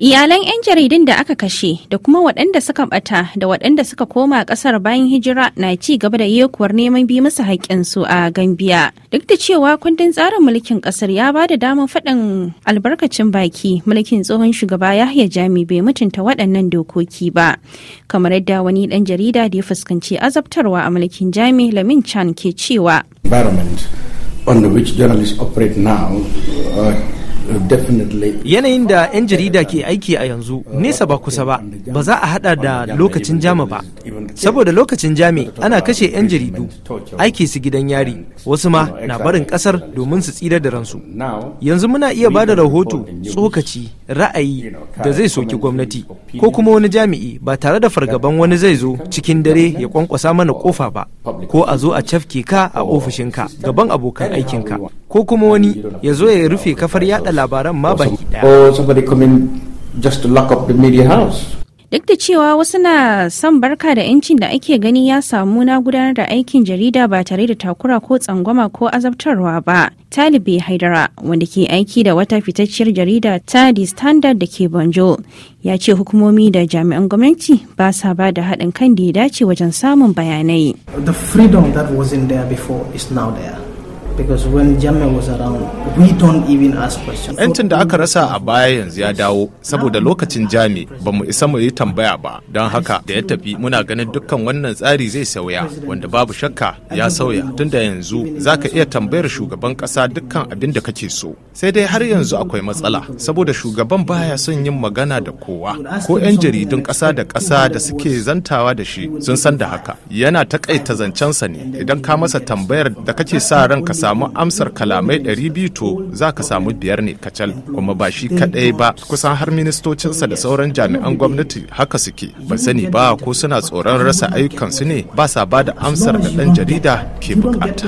Iyalan 'yan jaridun da aka kashe da kuma waɗanda suka ɓata da waɗanda suka koma ƙasar bayan hijira na ci gaba da yekuwar neman bi musu haƙƙinsu a Gambiya. Duk da cewa kundin tsarin mulkin ƙasar ya ba da damar faɗin albarkacin baki mulkin tsohon shugaba Yahya Jami bai mutunta waɗannan dokoki ba. Kamar yadda wani ɗan jarida da ya fuskanci azabtarwa a mulkin Jami Lamin Chan ke cewa. Yanayin da 'yan jarida ke aiki a yanzu nesa ba kusa ba, ba za a hada da lokacin jami ba. Saboda lokacin jami ana kashe 'yan jaridu, aiki su gidan yari, wasu ma na barin kasar domin su tsira da ransu. Yanzu muna iya ba da rahoto tsokaci, ra'ayi da zai soki gwamnati, ko kuma wani jami'i ba tare da fargaban wani zai zo cikin dare ya kwankwasa mana kofa ba, ko a zo a cafke ka a ofishinka gaban abokan aikinka, ko kuma wani ya zo ya rufe kafar yada labaran ma baki Duk da cewa wasu na son barka da 'yancin da ake gani ya samu na gudanar da aikin jarida ba tare da takura ko tsangwama ko azabtarwa ba. talibai Haidara wanda ke aiki da wata fitacciyar jarida ta The Standard da ke Banjo ya ce hukumomi da jami'an gwamnati ba sa ba da haɗin kan da ya dace wajen samun bayanai. The freedom that was in there before is now there. Yancin da aka rasa a baya yanzu ya dawo saboda lokacin Jami ba mu isa mu yi tambaya ba don haka da ya tafi muna ganin dukkan wannan tsari zai sauya wanda babu shakka ya sauya tun da yanzu za ka iya tambayar shugaban kasa dukkan abin da kake so sai dai har yanzu akwai matsala saboda shugaban baya son yin magana da kowa ko 'yan jaridun kasa da kasa da suke zantawa da shi sun san da haka yana takaita zancensa ne idan ka masa tambayar da kake sa ran ka samu amsar kalamai 200 to za ka samu biyar ne kacal kuma ba shi kaɗai ba kusan har ministocinsa da sauran jami'an gwamnati haka suke ban sani ba ko suna tsoron rasa ayyukansu ne ba sa ba da amsar da ɗan jarida ke bukata.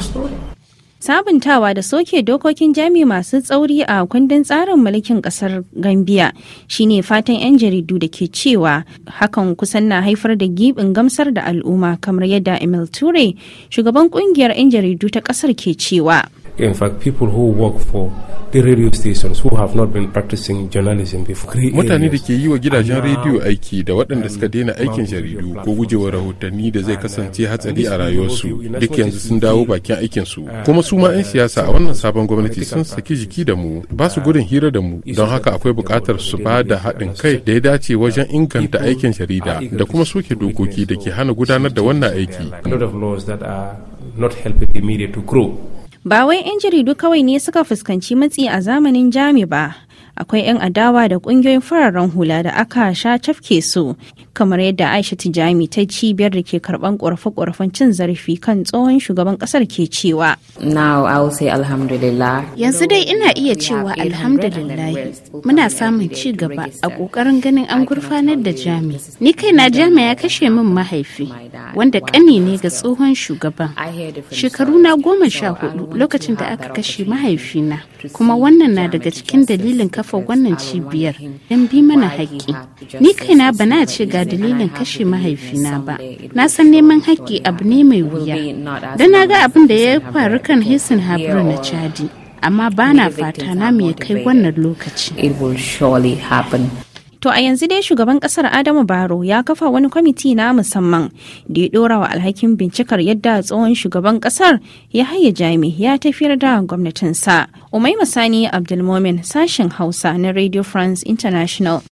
sabuntawa da soke dokokin jami masu tsauri a kundin tsarin mulkin kasar gambia shine fatan 'yan jaridu da ke cewa hakan kusan na haifar da gibin gamsar da al'umma kamar yadda emil ture shugaban kungiyar 'yan jaridu ta kasar ke cewa in fact people who work for the radio stations who have not been practicing journalism before mutane da ke yi wa gidajen rediyo aiki da waɗanda suka daina aikin jaridu ko gujewa rahotanni da zai kasance hatsari a rayuwarsu duk yanzu sun dawo bakin aikin su ah, kuma su ma 'yan uh, siyasa a wannan uh, sabon gwamnati sun saki jiki da mu uh, ba su gudun hira da mu don haka akwai buƙatar su ba da haɗin kai da ya dace wajen inganta aikin jarida da kuma soke dokoki da ke hana gudanar da wannan aiki not helping the media to grow ba wai 'yan jaridu kawai ne suka fuskanci matsi a zamanin jami ba akwai 'yan adawa da kungiyoyin fararen hula da aka sha cafke su kamar yadda aisha tijami ta cibiyar da ke karban ƙorafe-ƙorafen cin zarafi kan tsohon shugaban ƙasar ke cewa now i will say alhamdulillah yanzu dai ina iya cewa alhamdulillah muna samun ci gaba a ƙoƙarin ganin an gurfanar da jami ni kaina jami ya kashe min mahaifi wanda ƙani ne ga tsohon shugaban shekaru na goma sha hudu lokacin da aka kashe mahaifina kuma wannan na daga cikin dalilin kafa wannan cibiyar dan bi mana haƙƙi ni kaina bana ce ga ba dalilin kashe mahaifina ba na san neman haƙƙi abu ne mai wuya da na ga abin da ya faru kan hisin habru na chadi amma ba na fata na ya kai wannan lokaci To a yanzu dai shugaban kasar Adamu Baro ya kafa wani kwamiti na musamman da ya dora wa alhakin bincikar yadda tsohon shugaban kasar ya haya jami ya tafiyar da gwamnatinsa. Umai Masani Abdulmomin sashen Hausa na Radio France International.